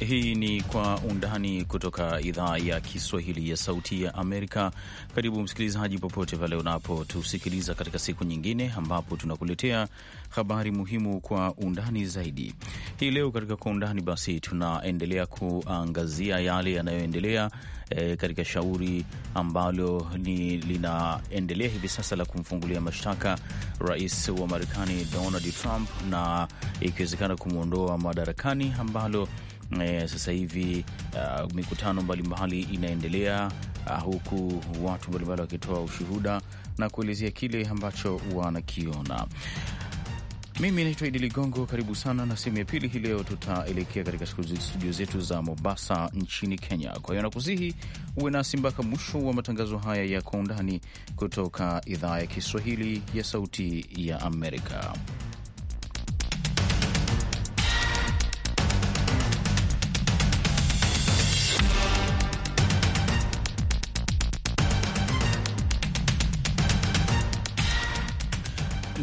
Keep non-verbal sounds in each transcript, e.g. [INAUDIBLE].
Hii ni Kwa Undani kutoka idhaa ya Kiswahili ya Sauti ya Amerika. Karibu msikilizaji, popote pale unapotusikiliza katika siku nyingine, ambapo tunakuletea habari muhimu kwa undani zaidi. Hii leo katika Kwa Undani basi tunaendelea kuangazia yale yanayoendelea e, katika shauri ambalo ni linaendelea hivi sasa la kumfungulia mashtaka rais wa Marekani Donald Trump na ikiwezekana kumwondoa madarakani ambalo e, sasa hivi uh, mikutano mbalimbali inaendelea uh, huku watu mbalimbali wakitoa ushuhuda na kuelezea kile ambacho wanakiona. Mimi naitwa Idi Ligongo, karibu sana na sehemu ya pili. Hii leo tutaelekea katika studio zetu za Mombasa nchini Kenya. Kwa hiyo nakusihi uwe nasi mpaka mwisho wa matangazo haya ya Kwa Undani kutoka idhaa ya Kiswahili ya Sauti ya Amerika.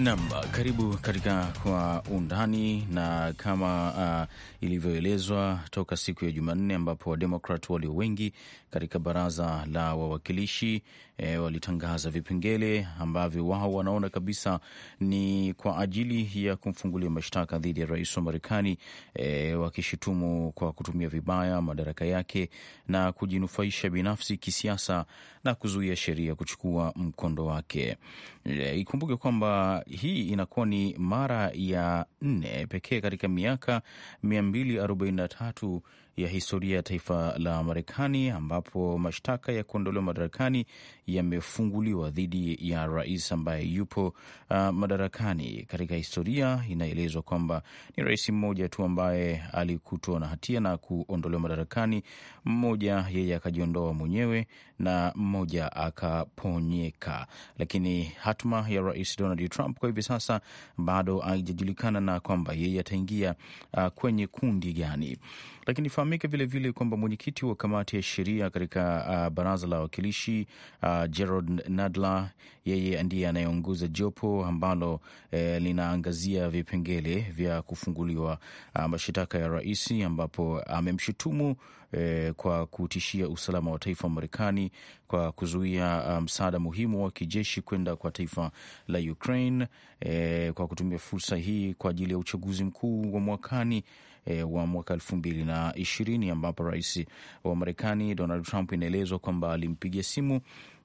Nam, karibu katika Kwa Undani. Na kama uh, ilivyoelezwa toka siku ya Jumanne ambapo Wademokrat walio wengi katika baraza la wawakilishi e, walitangaza vipengele ambavyo wao wanaona kabisa ni kwa ajili ya kumfungulia mashtaka dhidi ya rais wa Marekani e, wakishutumu kwa kutumia vibaya madaraka yake na kujinufaisha binafsi kisiasa na kuzuia sheria kuchukua mkondo wake. E, ikumbuke kwamba hii inakuwa ni mara ya nne pekee katika miaka 243 ya historia ya taifa la Marekani ambapo mashtaka ya kuondolewa madarakani yamefunguliwa dhidi ya rais ambaye yupo uh, madarakani. Katika historia inaelezwa kwamba ni rais mmoja tu ambaye alikutwa na hatia na kuondolewa madarakani, mmoja yeye akajiondoa mwenyewe na mmoja akaponyeka. Lakini hatma ya rais Donald Trump kwa hivi sasa bado haijajulikana, na kwamba yeye ataingia uh, kwenye kundi gani. Lakini ifahamike vilevile kwamba mwenyekiti wa kamati ya sheria katika uh, baraza la wakilishi uh, Gerald Nadler, yeye ndiye anayeongoza jopo ambalo eh, linaangazia vipengele vya kufunguliwa uh, mashitaka ya rais, ambapo amemshutumu eh, kwa kutishia usalama wa taifa wa Marekani kwa kuzuia uh, msaada um, muhimu wa kijeshi kwenda kwa taifa la Ukraine eh, kwa kutumia fursa hii kwa ajili ya uchaguzi mkuu wa mwakani e, wa mwaka elfu mbili na ishirini ambapo rais wa Marekani Donald Trump inaelezwa kwamba alimpigia simu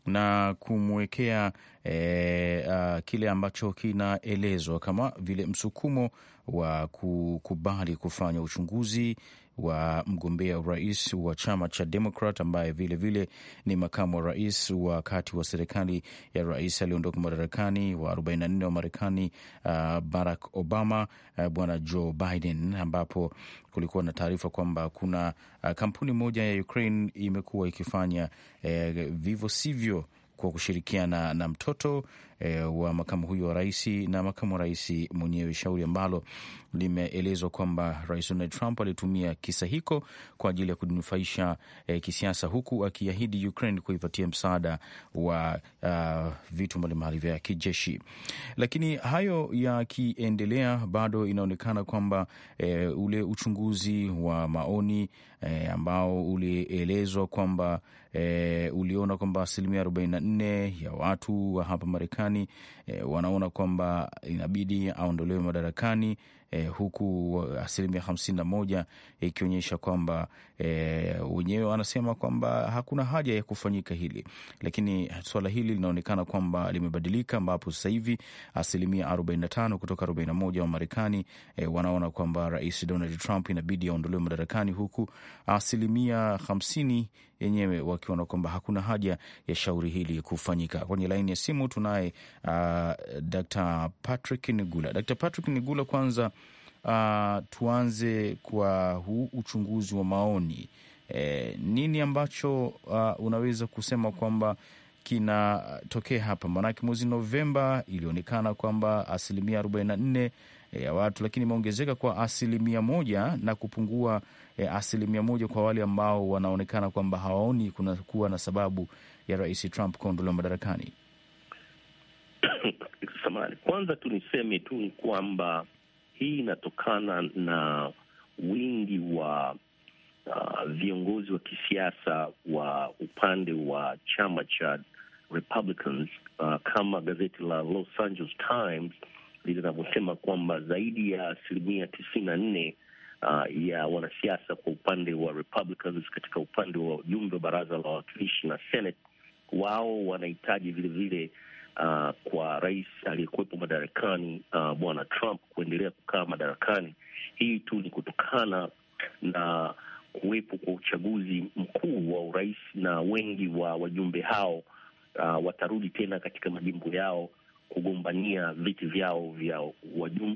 na kumwekea e, a, kile ambacho kinaelezwa kama vile msukumo wa kukubali kufanya uchunguzi wa mgombea urais wa chama cha Demokrat ambaye vilevile vile ni makamu wa rais wakati wa serikali ya rais aliyoondoka madarakani wa 44 wa Marekani, uh, Barack Obama, uh, bwana Joe Biden, ambapo kulikuwa na taarifa kwamba kuna uh, kampuni moja ya Ukraine imekuwa ikifanya uh, vivyo sivyo kwa kushirikiana na mtoto e, wa makamu huyo wa rais na makamu wa rais mwenyewe, shauri ambalo limeelezwa kwamba Rais Donald Trump alitumia kisa hiko kwa ajili ya kunufaisha e, kisiasa, huku akiahidi Ukraine kuipatia msaada wa uh, vitu mbalimbali vya kijeshi. Lakini hayo yakiendelea, bado inaonekana kwamba e, ule uchunguzi wa maoni e, ambao ulielezwa kwamba e, uliona kwamba asilimia nne ya watu wa hapa Marekani e, wanaona kwamba inabidi aondolewe madarakani e, huku asilimia hamsini na moja ikionyesha e, kwamba e, wenyewe wanasema kwamba hakuna haja ya kufanyika hili, lakini swala hili linaonekana kwamba limebadilika, ambapo sasa hivi asilimia 45 kutoka 41 wa Marekani e, wanaona kwamba Rais Donald Trump inabidi aondolewe madarakani, huku asilimia hamsini yenyewe wakiona kwamba hakuna haja ya shauri hili kufanyika. Kwenye laini ya simu tunaye uh, d Dr. Patrick Nigula. Dr. Patrick Nigula, kwanza uh, tuanze kwa huu uchunguzi wa maoni e, nini ambacho uh, unaweza kusema kwamba kinatokea hapa? Maanake mwezi Novemba ilionekana kwamba asilimia 44 eh, ya watu lakini imeongezeka kwa asilimia moja na kupungua e, asilimia moja kwa wale ambao wanaonekana kwamba hawaoni kuna kuwa na sababu ya Rais Trump kuondolewa madarakani. [COUGHS] samani. Kwanza tu niseme tu ni kwamba hii inatokana na wingi wa uh, viongozi wa kisiasa wa upande wa chama cha Republicans uh, kama gazeti la Los Angeles Times linavyosema kwamba zaidi ya asilimia tisini na nne uh, ya wanasiasa kwa upande wa Republicans katika upande wa ujumbe wa baraza la wawakilishi na Senate, wao wanahitaji vilevile uh, kwa rais aliyekuwepo madarakani uh, bwana Trump kuendelea kukaa madarakani. Hii tu ni kutokana na kuwepo kwa uchaguzi mkuu wa urais, na wengi wa wajumbe hao uh, watarudi tena katika majimbo yao kugombania viti vyao vya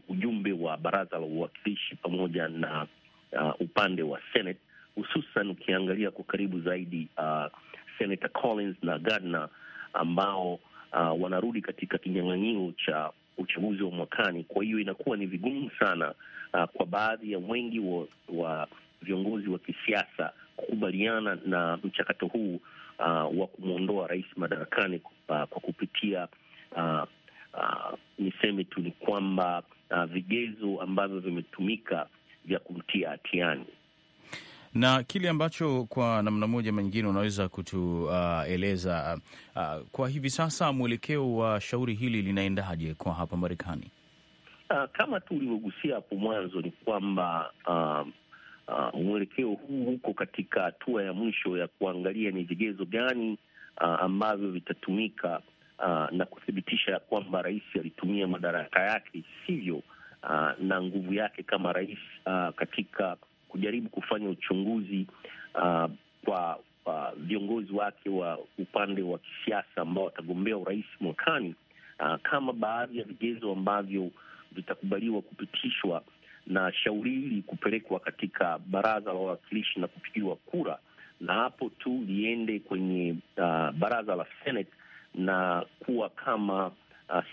ujumbe wa baraza la uwakilishi pamoja na uh, upande wa Senate, hususan ukiangalia kwa karibu zaidi uh, Senator Collins na Gardner ambao uh, wanarudi katika kinyang'anyiro cha uchaguzi wa mwakani. Kwa hiyo inakuwa ni vigumu sana uh, kwa baadhi ya wengi wa, wa viongozi wa kisiasa kukubaliana na mchakato huu uh, wa kumwondoa rais madarakani uh, kwa kupitia uh, uh, niseme tu ni kwamba uh, vigezo ambavyo vimetumika vya kumtia hatiani na kile ambacho kwa namna moja manyingine unaweza kutueleza uh, uh, kwa hivi sasa mwelekeo wa shauri hili linaendaje kwa hapa Marekani? Uh, kama tu ulivyogusia hapo mwanzo ni kwamba uh, uh, mwelekeo huu uko katika hatua ya mwisho ya kuangalia ni vigezo gani uh, ambavyo vitatumika uh, na kuthibitisha ya kwamba rais alitumia madaraka yake isivyo uh, na nguvu yake kama rais uh, katika kujaribu kufanya uchunguzi uh, kwa uh, viongozi wake wa upande wa kisiasa ambao watagombea urais mwakani uh, kama baadhi ya vigezo ambavyo vitakubaliwa kupitishwa na shauri hili kupelekwa katika baraza la wawakilishi na kupigiwa kura, na hapo tu liende kwenye uh, baraza la Senate na kuwa kama uh,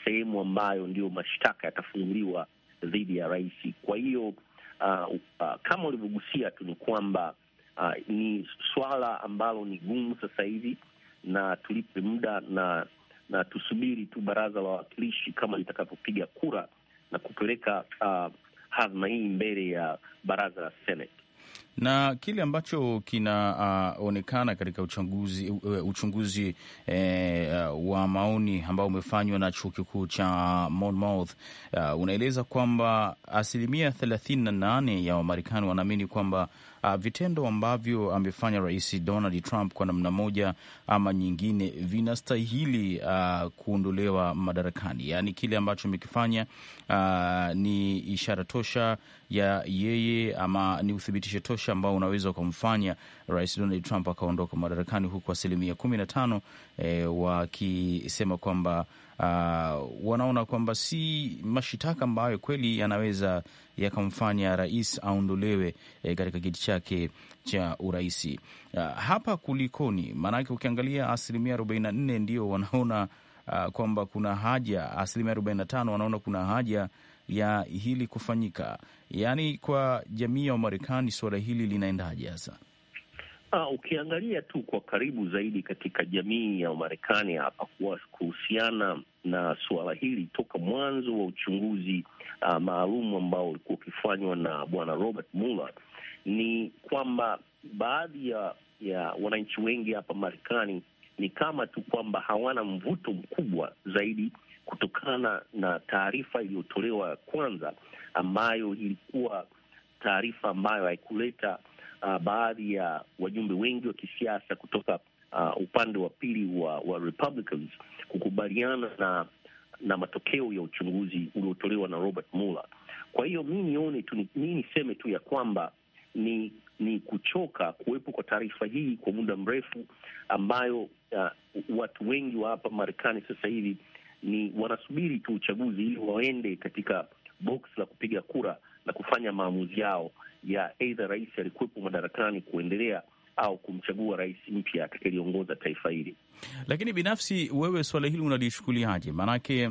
sehemu ambayo ndiyo mashtaka yatafunguliwa dhidi ya rais. Kwa hiyo uh, uh, kama ulivyogusia tu ni kwamba uh, ni swala ambalo ni gumu sasa hivi, na tulipe muda na na tusubiri tu baraza la wawakilishi kama litakapopiga kura na kupeleka uh, hazma hii mbele ya baraza la Senate na kile ambacho kinaonekana uh, katika uchunguzi, uh, eh, uchunguzi uh, uh, wa maoni ambao umefanywa na chuo kikuu cha Monmouth uh, unaeleza kwamba asilimia thelathini na nane ya Wamarekani wanaamini kwamba uh, vitendo ambavyo amefanya Rais Donald Trump kwa namna moja ama nyingine vinastahili uh, kuondolewa madarakani. Yaani kile ambacho amekifanya uh, ni ishara tosha ya yeye ama ni uthibitisho tosha ambao unaweza ukamfanya Rais Donald Trump akaondoka madarakani, huku asilimia kumi na tano eh, wakisema kwamba uh, wanaona kwamba si mashitaka ambayo kweli yanaweza yakamfanya rais aondolewe e, katika kiti chake cha uraisi. Uh, hapa kulikoni? Maanake ukiangalia asilimia arobaini na nne ndio wanaona uh, kwamba kuna haja, asilimia arobaini na tano wanaona kuna haja ya hili kufanyika. Yaani, kwa jamii ya Wamarekani suala hili linaendaje hasa? Ah, ukiangalia tu kwa karibu zaidi katika jamii ya Marekani hapa kuhusiana na suala hili toka mwanzo wa uchunguzi uh, maalum ambao ulikuwa ukifanywa na bwana Robert Mueller ni kwamba baadhi ya, ya wananchi wengi hapa Marekani ni kama tu kwamba hawana mvuto mkubwa zaidi kutokana na taarifa iliyotolewa kwanza, ambayo ilikuwa taarifa ambayo haikuleta uh, baadhi ya wajumbe wengi wa kisiasa kutoka uh, upande wa pili wa, wa Republicans kukubaliana na na matokeo ya uchunguzi uliotolewa na Robert Mueller. Kwa hiyo mi nione tu, mi niseme tu ya kwamba ni ni kuchoka kuwepo kwa taarifa hii kwa muda mrefu, ambayo uh, watu wengi wa hapa Marekani sasa hivi ni wanasubiri tu uchaguzi ili waende katika box la kupiga kura na kufanya maamuzi yao ya aidha rais alikuwepo madarakani kuendelea au kumchagua rais mpya atakayeongoza taifa hili. Lakini binafsi wewe swala hili unalishughuliaje? Maanake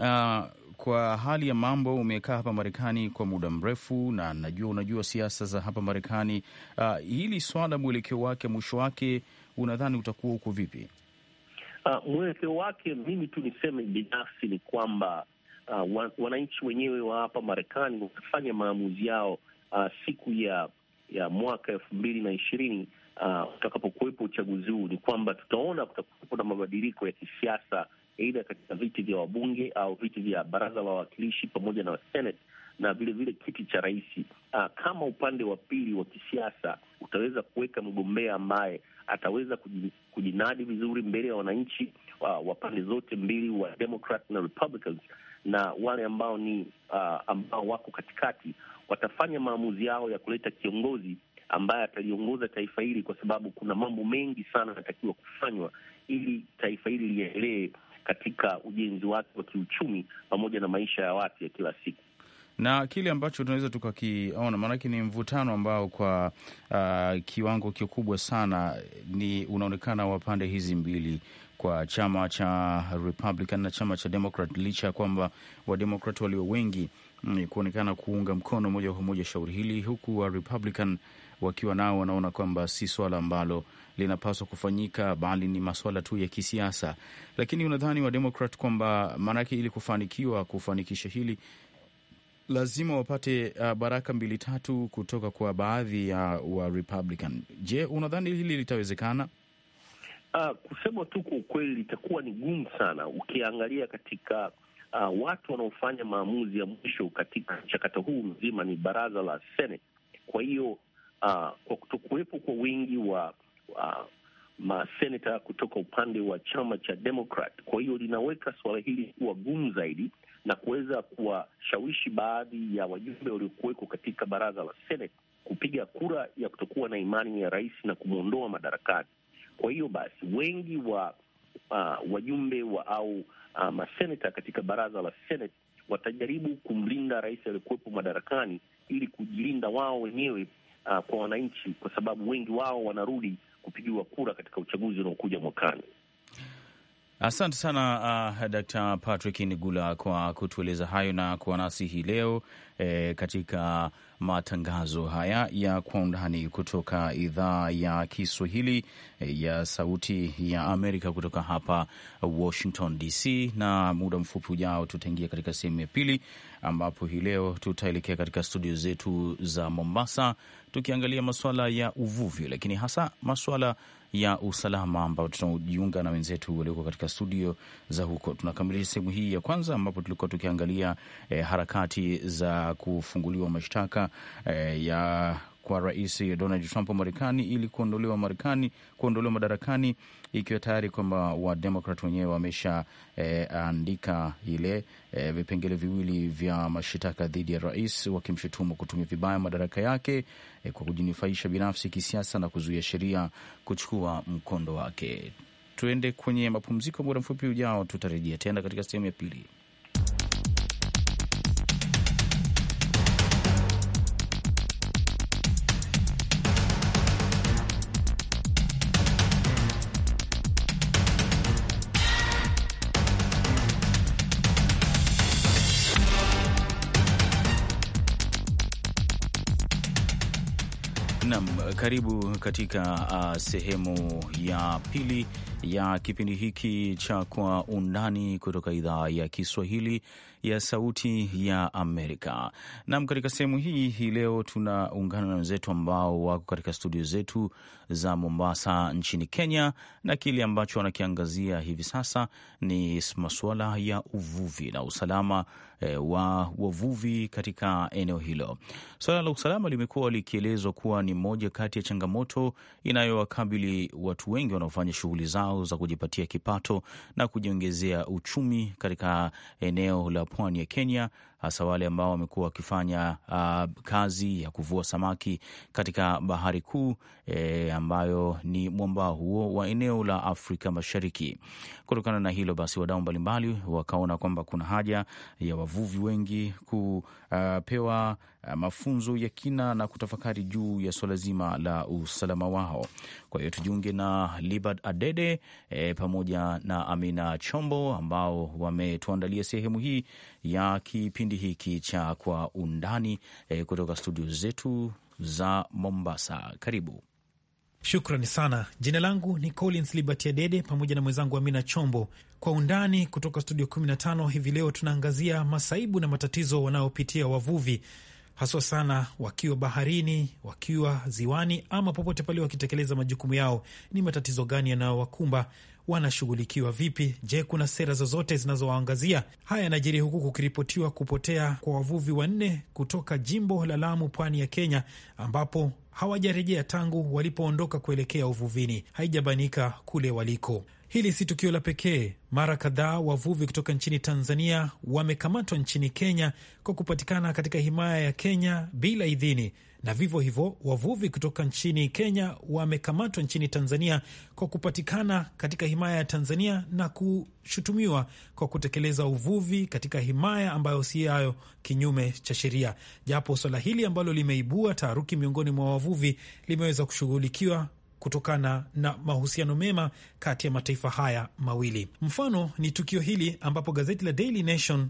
uh, kwa hali ya mambo umekaa hapa Marekani kwa muda mrefu, na najua unajua siasa za hapa Marekani. Uh, hili swala mwelekeo wake, mwisho wake, unadhani utakuwa uko vipi? Uh, mwelekeo wake, mimi tu niseme binafsi ni kwamba uh, wananchi wenyewe wa hapa Marekani wakifanya maamuzi yao uh, siku ya ya mwaka elfu mbili na ishirini uh, utakapokuwepo uchaguzi huu, ni kwamba tutaona kutakuwepo na mabadiliko ya kisiasa, aidha katika viti vya wabunge au viti vya baraza la wawakilishi pamoja na senate na vilevile kiti cha rais. Uh, kama upande wa pili wa kisiasa utaweza kuweka mgombea ambaye ataweza kujinadi vizuri mbele ya wananchi uh, wa pande zote mbili wa Democrat na Republicans, na wale ambao ni uh, ambao wako katikati watafanya maamuzi yao ya kuleta kiongozi ambaye ataliongoza taifa hili, kwa sababu kuna mambo mengi sana yanatakiwa kufanywa ili taifa hili liendelee katika ujenzi wake wa kiuchumi pamoja na maisha ya watu ya kila siku na kile ambacho tunaweza tukakiona, maanake ni mvutano ambao kwa uh, kiwango kikubwa sana ni unaonekana wa pande hizi mbili, kwa chama cha Republican na chama cha Democrat, licha ya kwamba Wademokrat walio wengi kuonekana kuunga mkono moja kwa moja shauri hili, huku wa Republican wakiwa nao wanaona kwamba si swala ambalo linapaswa kufanyika, bali ni maswala tu ya kisiasa. Lakini unadhani wa Democrat kwamba maanake ili kufanikiwa kufanikisha hili lazima wapate uh, baraka mbili tatu kutoka kwa baadhi ya uh, wa Republican. Je, unadhani hili litawezekana? Uh, kusema tu kwa ukweli litakuwa ni gumu sana, ukiangalia katika uh, watu wanaofanya maamuzi ya mwisho katika mchakato huu mzima ni baraza la Senate. Kwa hiyo uh, kwa kutokuwepo kwa wingi wa uh, maseneta kutoka upande wa chama cha Democrat, kwa hiyo linaweka suala hili kuwa gumu zaidi na kuweza kuwashawishi baadhi ya wajumbe waliokuwekwa katika baraza la Senate kupiga kura ya kutokuwa na imani ya rais na kumwondoa madarakani. Kwa hiyo basi wengi wa uh, wajumbe wa au uh, maseneta katika baraza la Senate watajaribu kumlinda rais aliyekuwepo madarakani ili kujilinda wao wenyewe uh, kwa wananchi, kwa sababu wengi wao wanarudi kupigiwa kura katika uchaguzi unaokuja mwakani. Asante sana uh, Dr. Patrick Nigula kwa kutueleza hayo na kuwa nasi hii leo eh, katika matangazo haya ya kwa undani kutoka idhaa ya Kiswahili eh, ya Sauti ya Amerika kutoka hapa Washington DC, na muda mfupi ujao tutaingia katika sehemu ya pili ambapo hii leo tutaelekea katika studio zetu za Mombasa tukiangalia masuala ya uvuvi, lakini hasa masuala ya usalama, ambapo tunajiunga na wenzetu walioko katika studio za huko. Tunakamilisha sehemu hii ya kwanza, ambapo tulikuwa tukiangalia eh, harakati za kufunguliwa mashtaka eh, ya kwa Rais Donald Trump wa Marekani ili kuondolewa Marekani, kuondolewa madarakani, ikiwa tayari kwamba Wademokrat wenyewe wamesha eh, andika ile eh, vipengele viwili vya mashitaka dhidi ya rais wakimshutumu kutumia vibaya madaraka yake eh, kwa kujinufaisha binafsi kisiasa na kuzuia sheria kuchukua mkondo wake. Tuende kwenye mapumziko. Muda mfupi ujao, tutarejea tena katika sehemu ya pili. karibu katika uh, sehemu ya pili ya kipindi hiki cha Kwa Undani kutoka idhaa ya Kiswahili ya Sauti ya Amerika. Nam, katika sehemu hii hii leo tunaungana na wenzetu ambao wako katika studio zetu za Mombasa nchini Kenya, na kile ambacho wanakiangazia hivi sasa ni masuala ya uvuvi na usalama Eh, wa wavuvi katika eneo hilo. Suala la usalama limekuwa likielezwa kuwa ni moja kati ya changamoto inayowakabili watu wengi wanaofanya shughuli zao za kujipatia kipato na kujiongezea uchumi katika eneo la pwani ya Kenya hasa wale ambao wamekuwa wakifanya uh, kazi ya kuvua samaki katika bahari kuu e, ambayo ni mwambao huo wa eneo la Afrika Mashariki. Kutokana na hilo basi, wadau mbalimbali wakaona kwamba kuna haja ya wavuvi wengi kupewa Eh, mafunzo ya kina na kutafakari juu ya suala zima la usalama wao. Kwa hiyo tujiunge na Libert Adede e, pamoja na Amina Chombo ambao wametuandalia sehemu hii ya kipindi hiki cha Kwa Undani e, kutoka studio zetu za Mombasa. Karibu. Shukrani sana. Jina langu ni Collins Liberty Adede pamoja na mwenzangu Amina Chombo. Kwa undani kutoka studio 15 hivi leo tunaangazia masaibu na matatizo wanayopitia wavuvi haswa sana wakiwa baharini, wakiwa ziwani, ama popote pale wakitekeleza majukumu yao. Ni matatizo gani yanayowakumba? Wanashughulikiwa vipi? Je, kuna sera zozote zinazowaangazia? Haya yanajiri huku kukiripotiwa kupotea kwa wavuvi wanne kutoka jimbo la Lamu, pwani ya Kenya, ambapo hawajarejea tangu walipoondoka kuelekea uvuvini. Haijabanika kule waliko. Hili si tukio la pekee. Mara kadhaa wavuvi kutoka nchini Tanzania wamekamatwa nchini Kenya kwa kupatikana katika himaya ya Kenya bila idhini, na vivyo hivyo wavuvi kutoka nchini Kenya wamekamatwa nchini Tanzania kwa kupatikana katika himaya ya Tanzania na kushutumiwa kwa kutekeleza uvuvi katika himaya ambayo si yayo, kinyume cha sheria. Japo swala hili ambalo limeibua taharuki miongoni mwa wavuvi limeweza kushughulikiwa kutokana na mahusiano mema kati ya mataifa haya mawili. Mfano ni tukio hili ambapo gazeti la Daily Nation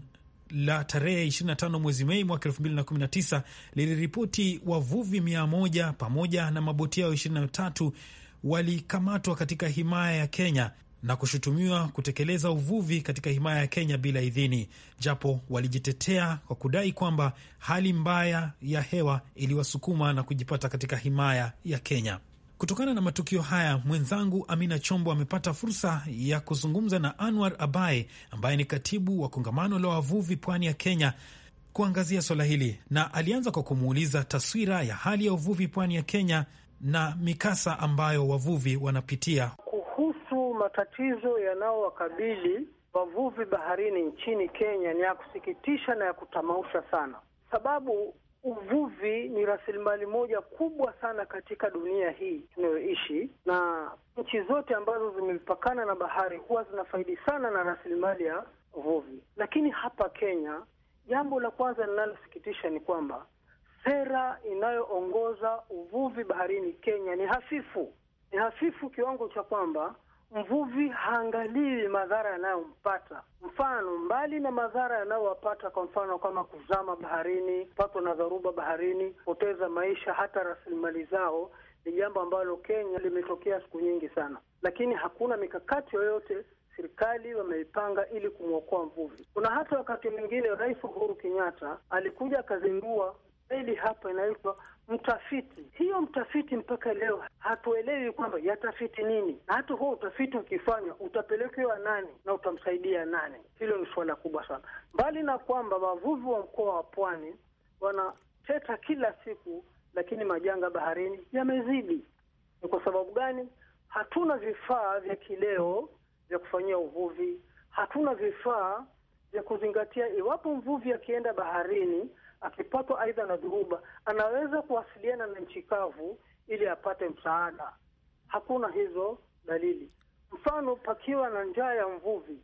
la tarehe 25 mwezi Mei mwaka 2019 liliripoti wavuvi 100 pamoja na maboti yao 23 walikamatwa katika himaya ya Kenya na kushutumiwa kutekeleza uvuvi katika himaya ya Kenya bila idhini, japo walijitetea kwa kudai kwamba hali mbaya ya hewa iliwasukuma na kujipata katika himaya ya Kenya. Kutokana na matukio haya, mwenzangu Amina Chombo amepata fursa ya kuzungumza na Anwar Abae ambaye ni katibu wa kongamano la wavuvi pwani ya Kenya kuangazia swala hili, na alianza kwa kumuuliza taswira ya hali ya uvuvi pwani ya Kenya na mikasa ambayo wavuvi wanapitia kuhusu matatizo yanayowakabili wavuvi baharini nchini Kenya ni ya kusikitisha na ya kutamausha sana, sababu uvuvi ni rasilimali moja kubwa sana katika dunia hii tunayoishi, na nchi zote ambazo zimepakana na bahari huwa zinafaidi sana na rasilimali ya uvuvi. Lakini hapa Kenya, jambo la kwanza linalosikitisha ni kwamba sera inayoongoza uvuvi baharini Kenya ni hafifu. Ni hafifu kiwango cha kwamba mvuvi haangaliwi madhara yanayompata. Mfano, mbali na madhara yanayowapata kwa mfano kama kuzama baharini, kupatwa na dharuba baharini, poteza maisha, hata rasilimali zao, ni jambo ambalo Kenya limetokea siku nyingi sana, lakini hakuna mikakati yoyote serikali wameipanga ili kumwokoa mvuvi. Kuna hata wakati mwingine Rais Uhuru Kenyatta alikuja akazindua zaidi hapa inaitwa mtafiti. Hiyo mtafiti mpaka leo hatuelewi kwamba yatafiti nini, na hata huo utafiti ukifanywa utapelekewa nani na utamsaidia nani? Hilo ni suala kubwa sana, mbali na kwamba wavuvi wa mkoa wa Pwani wanateta kila siku, lakini majanga baharini yamezidi. Ni kwa sababu gani? Hatuna vifaa vya kileo vya kufanyia uvuvi, hatuna vifaa vya kuzingatia iwapo mvuvi akienda baharini akipatwa aidha na dhuruba, anaweza kuwasiliana na nchi kavu ili apate msaada. Hakuna hizo dalili. Mfano, pakiwa na njaa ya mvuvi,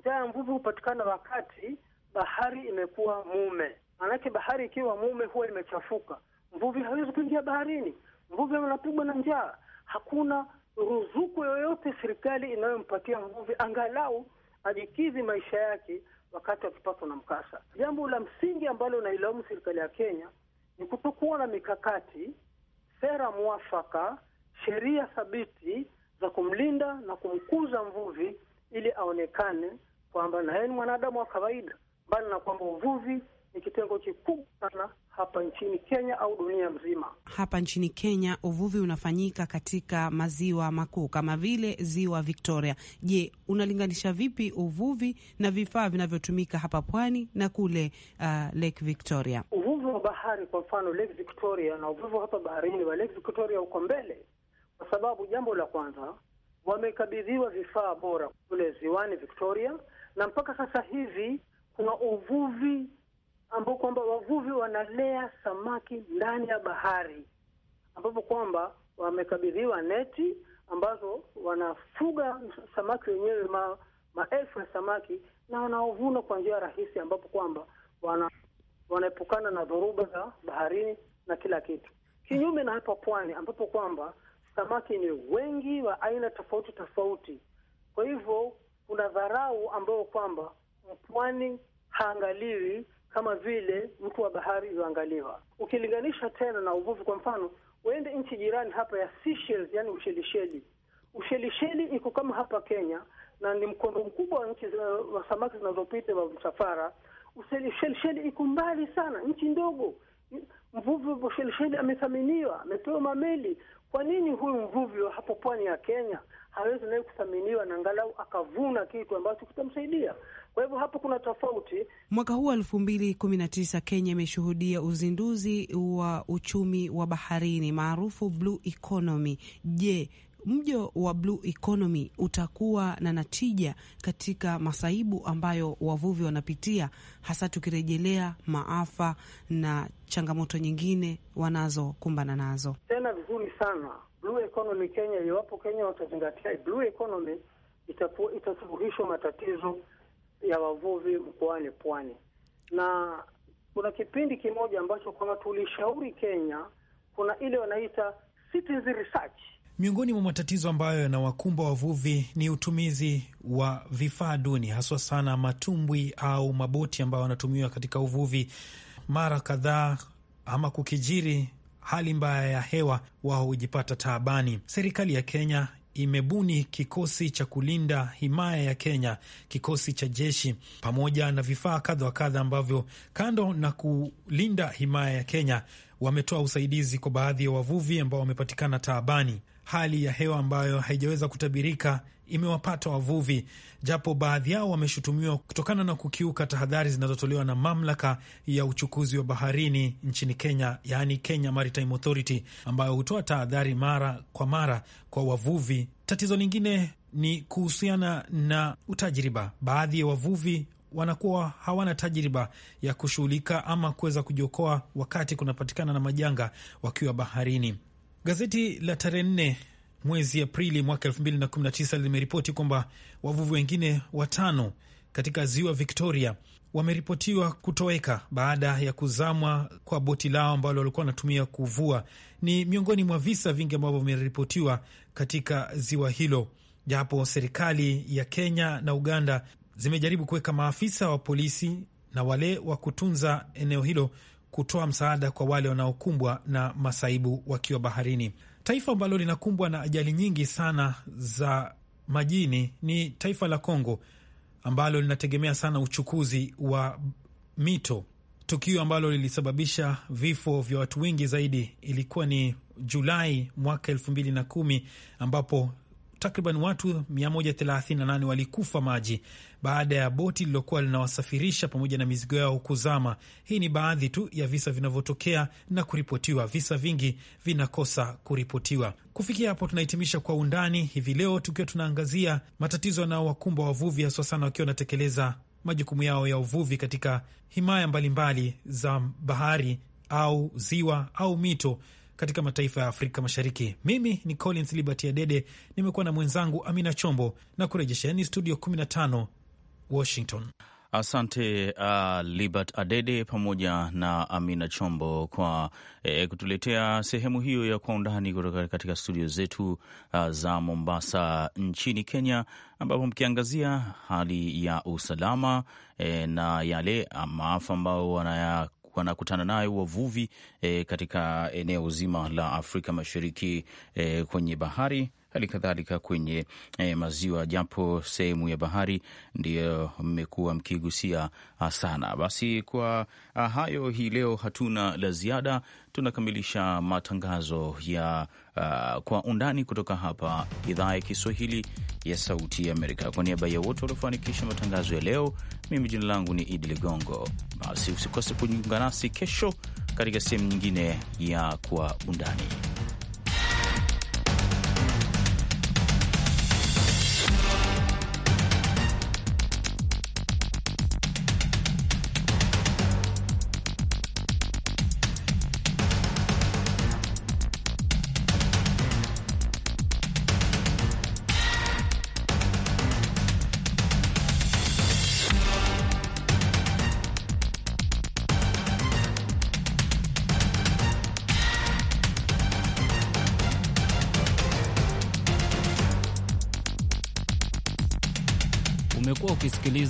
njaa ya mvuvi hupatikana wakati bahari imekuwa mume. Maanake bahari ikiwa mume huwa imechafuka, mvuvi hawezi kuingia baharini, mvuvi anapigwa na njaa. Hakuna ruzuku yoyote serikali inayompatia mvuvi angalau ajikidhi maisha yake wakati wakipatwa na mkasa. Jambo la msingi ambalo unailaumu serikali ya Kenya ni kutokuwa na mikakati, sera mwafaka, sheria thabiti za kumlinda na kumkuza mvuvi ili aonekane kwamba na yeye ni mwanadamu wa kawaida, mbali na kwamba uvuvi ni kitengo kikubwa sana hapa nchini Kenya au dunia mzima. Hapa nchini Kenya uvuvi unafanyika katika maziwa makuu kama vile ziwa Victoria. Je, unalinganisha vipi uvuvi na vifaa vinavyotumika hapa pwani na kule uh, Lake Victoria? Uvuvi wa bahari kwa mfano Lake Victoria na uvuvi hapa baharini wa Lake Victoria uko mbele, kwa sababu jambo la kwanza wamekabidhiwa vifaa bora kule ziwani Victoria, na mpaka sasa hivi kuna uvuvi ambao kwamba wavuvi wanalea samaki ndani ya bahari, ambapo kwamba wamekabidhiwa neti ambazo wanafuga samaki wenyewe ma, maelfu ya samaki na wanaovuna kwa njia rahisi, ambapo kwamba wana wanaepukana na dhoruba za baharini na kila kitu, kinyume na hapa pwani ambapo kwamba samaki ni wengi wa aina tofauti tofauti. Kwa hivyo kuna dharau ambayo kwamba mpwani haangaliwi kama vile mtu wa bahari ilioangaliwa. Ukilinganisha tena na uvuvi, kwa mfano uende nchi jirani hapa ya Seychelles, yani Ushelisheli. Ushelisheli iko kama hapa Kenya na ni mkondo mkubwa wa nchi wa samaki zinazopita wa msafara. Ushelisheli iko mbali sana, nchi ndogo. Mvuvi wa Ushelisheli amethaminiwa, amepewa mameli. Kwa nini huyu mvuvi wa hapo pwani ya Kenya hawezi naye kuthaminiwa na angalau akavuna kitu ambacho kitamsaidia? Kwa hivyo hapo kuna tofauti. Mwaka huu elfu mbili kumi na tisa Kenya imeshuhudia uzinduzi wa uchumi wa baharini maarufu blue economy. Je, mjo wa blue economy utakuwa na natija katika masaibu ambayo wavuvi wanapitia, hasa tukirejelea maafa na changamoto nyingine wanazokumbana nazo? Tena vizuri sana blue economy Kenya, iwapo Kenya watazingatia blue economy, itasuluhishwa matatizo ya wavuvi mkoani Pwani, na kuna kipindi kimoja ambacho kwamba tulishauri Kenya, kuna ile wanaita citizen research. Miongoni mwa matatizo ambayo yanawakumba wavuvi ni utumizi wa vifaa duni, haswa sana matumbwi au maboti ambayo wanatumiwa katika uvuvi. Mara kadhaa ama kukijiri hali mbaya ya hewa, wao hujipata taabani. Serikali ya Kenya imebuni kikosi cha kulinda himaya ya Kenya, kikosi cha jeshi pamoja na vifaa kadha wa kadha ambavyo kando na kulinda himaya ya Kenya wametoa usaidizi kwa baadhi ya wavuvi ambao wamepatikana taabani hali ya hewa ambayo haijaweza kutabirika imewapata wavuvi, japo baadhi yao wameshutumiwa kutokana na kukiuka tahadhari zinazotolewa na mamlaka ya uchukuzi wa baharini nchini Kenya, yaani Kenya Maritime Authority, ambayo hutoa tahadhari mara kwa mara kwa wavuvi. Tatizo lingine ni kuhusiana na utajriba. Baadhi ya wavuvi wanakuwa hawana tajriba ya kushughulika ama kuweza kujiokoa wakati kunapatikana na majanga wakiwa baharini. Gazeti la tarehe nne mwezi Aprili mwaka tisa limeripoti kwamba wavuvi wengine watano katika ziwa Victoria wameripotiwa kutoweka baada ya kuzamwa kwa boti lao ambalo walikuwa wanatumia kuvua. Ni miongoni mwa visa vingi ambavyo vimeripotiwa katika ziwa hilo, japo serikali ya Kenya na Uganda zimejaribu kuweka maafisa wa polisi na wale wa kutunza eneo hilo kutoa msaada kwa wale wanaokumbwa na masaibu wakiwa baharini. Taifa ambalo linakumbwa na ajali nyingi sana za majini ni taifa la Kongo ambalo linategemea sana uchukuzi wa mito. Tukio ambalo lilisababisha vifo vya watu wengi zaidi ilikuwa ni Julai mwaka elfu mbili na kumi ambapo takriban watu 138 walikufa maji baada ya boti lililokuwa linawasafirisha pamoja na mizigo yao kuzama. Hii ni baadhi tu ya visa vinavyotokea na kuripotiwa, visa vingi vinakosa kuripotiwa. Kufikia hapo, tunahitimisha Kwa Undani hivi leo tukiwa tunaangazia matatizo yanayowakumba wavuvi, haswa sana wakiwa wanatekeleza majukumu yao ya uvuvi katika himaya mbalimbali mbali za bahari au ziwa au mito katika mataifa ya Afrika Mashariki. Mimi ni Collins Liberty Adede, nimekuwa na mwenzangu Amina Chombo na kurejesheni studio 15 Washington. Asante uh, Libert Adede pamoja na Amina Chombo kwa eh, kutuletea sehemu hiyo ya kwa undani kutoka katika studio zetu uh, za Mombasa nchini Kenya, ambapo mkiangazia hali ya usalama eh, na yale uh, maafa ambayo wanaya wanakutana nayo wavuvi eh, katika eneo zima la Afrika Mashariki eh, kwenye bahari hali kadhalika kwenye eh, maziwa, japo sehemu ya bahari ndiyo mmekuwa mkigusia ah, sana. Basi kwa ah, hayo, hii leo hatuna la ziada, tunakamilisha matangazo ya uh, kwa undani kutoka hapa idhaa ya Kiswahili ya Sauti ya Amerika. Kwa niaba ya wote waliofanikisha matangazo ya leo, mimi jina langu ni Idi Ligongo. Basi usikose kujiunga nasi kesho katika sehemu nyingine ya Kwa Undani.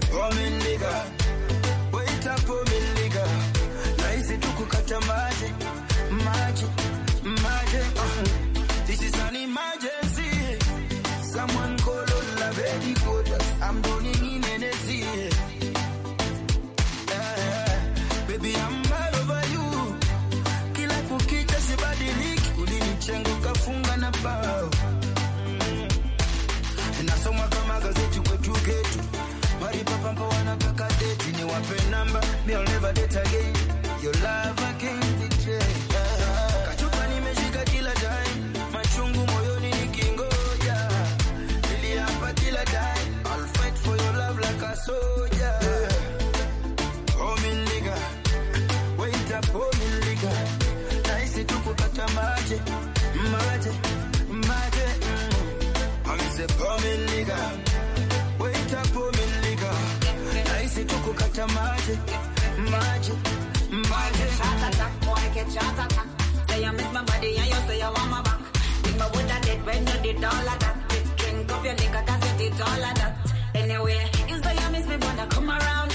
the ballin' nigga. They'll never date again. Your love I can't betray. Kachupa nimeshika kila time. Machungu moyoni nikingoja. Niliapa kila time. I'll fight for your love like a soldier. Oh, mi nigga. Wait up, oh, mi nigga. Nahisi tu kukata mate. Mate. Mate. Amese, oh, mi nigga. Wait up, oh, mi nigga. Nahisi tu kukata mate. heart attack, boy, catch shot attack. Say you miss my body and you say you want my back. Think my would have did when you did all of that. Drink up your liquor cause you did all of that. Anyway, you say you miss me, wanna come around.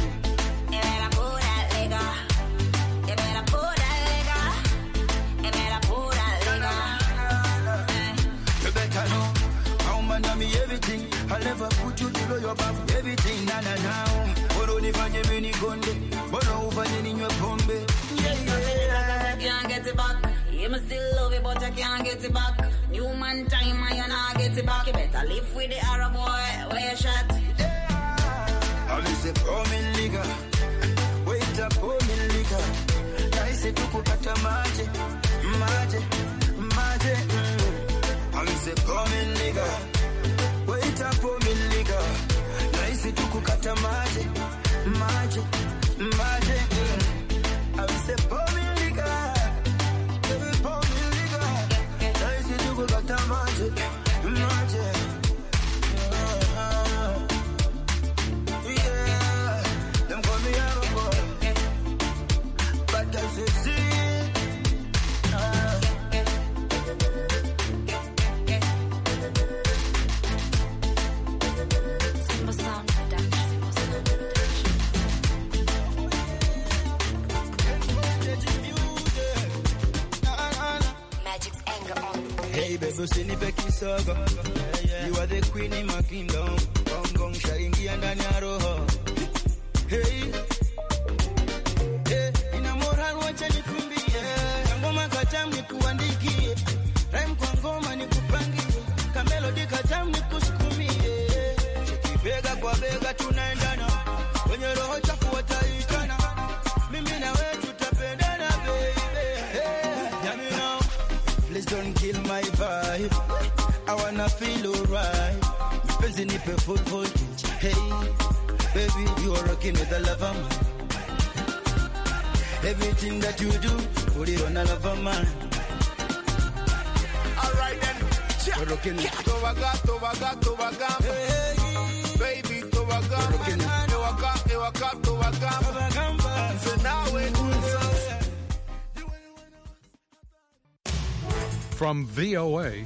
sababu can't get it back. Him still love you, but I can't get it back. New man time, I and I get it back. You better live with the Arab boy where you shot. Yeah. I say, oh, me nigga. Wait up, oh, me nigga. I say, tukupata maji. feel alright. full voltage. Hey, baby, you are rocking with a lover man. Everything that you do, put it on a lover man. Alright then, are rocking towaga, towaga. towaga. towaga. From VOA